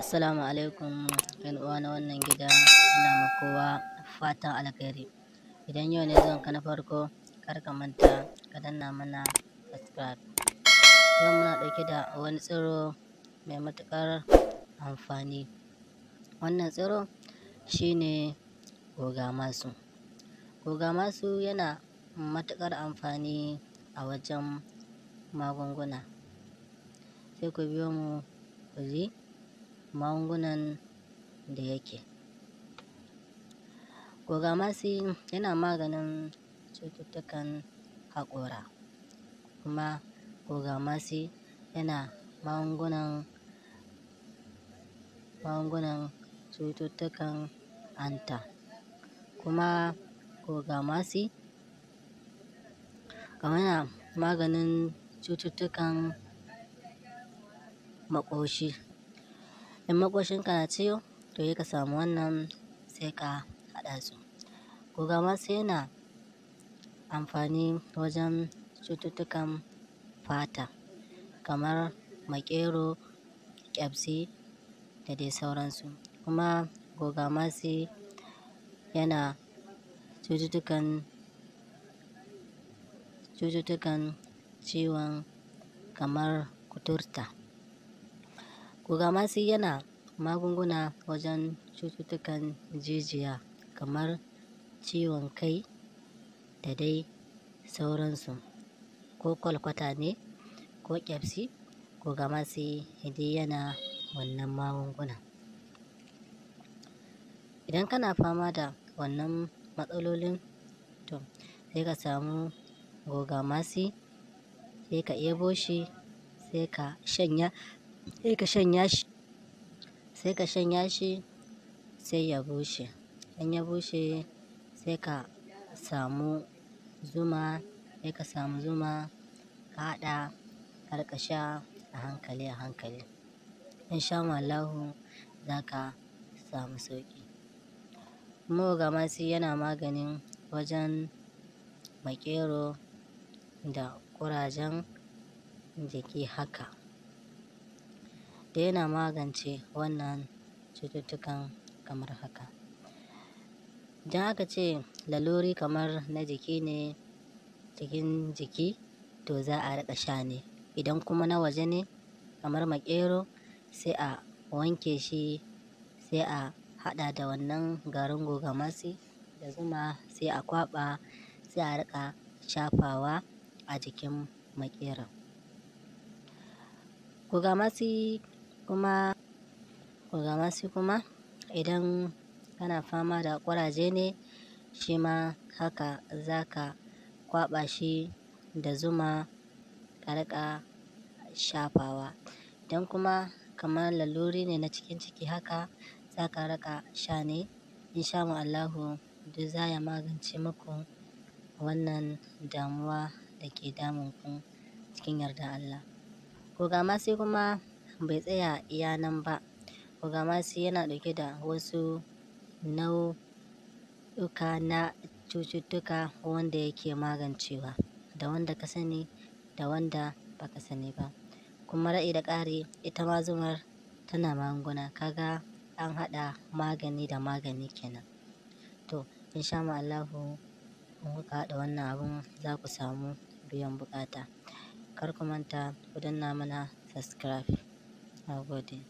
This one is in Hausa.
Assalamu alaikum uwa na wannan gida ina ma kowa fatan alkhairi idan yau ne zan ka na farko kar ka manta ka danna mana subscribe yau muna ɗauke da wani tsiro mai matuƙar amfani wannan tsiro shine gogamasu, gogamasu yana matukar amfani a wajen magunguna sai ku biyo mu magungunan da yake Gogamasi yana maganin cututtukan haƙora kuma gogamasi yana magungunan magungunan cututtukan hanta kuma gogamasi yana maganin cututtukan maƙoshi in makoshin ka na ciwo to sai ka samu wannan sai ka haɗa su goga masu yana amfani wajen cututtukan fata kamar maƙero ƙyabsi da dai sauransu kuma goga masu yana cututtukan cututtukan ciwon kamar kuturta goga masu yana magunguna wajen cututtukan jijiya kamar ciwon kai da dai sauransu ko kwalkwata ne ko ƙyabsi, ko gamasi duk yana wannan magunguna. Idan kana fama da wannan matsalolin to sai ka samu goga gogamasi sai ka ebo shi sai ka shanya shi. sai ka shanya shi sai ya bushe in ya bushe sai ka samu zuma sai ka samu zuma ka haɗa ƙarƙasha a hankali a hankali in sha Allahu za ka samu sauƙi kuma masu yana maganin wajen maƙero da ƙurajen jiki haka da yana magance wannan cututtukan kamar haka. Idan aka ce lalori kamar na jiki ne cikin jiki to za a riƙa sha ne. Idan kuma na waje ne kamar maƙero sai a wanke shi sai a haɗa da wannan garin gogamasi da zuma sai a kwaɓa sai a riƙa shafawa a jikin maƙera Gogamasi kuma ogamasi kuma idan kana fama da ƙuraje ne shima ma haka za ka kwaɓa shi da zuma ka shafawa. Idan kuma kamar laluri ne na cikin ciki haka zaka ka riƙa sha ne in Allahu duk za ya magance muku wannan damuwa da ke damun ku cikin yardan Allah. sai kuma bai tsaya iya nan ba. Ogamasi yana dauke da wasu nau'uka na cututtuka wanda yake magancewa, da wanda ka sani da wanda ba ka sani ba. Kuma ra'ayi da ƙari ita ma zumar tana magunguna. Kaga an haɗa magani da magani kenan. To in sha ma'allahu Allahu in kuka haɗa wannan abun za ku samu biyan buƙata. Kar ku manta ku danna mana subscribe. our body.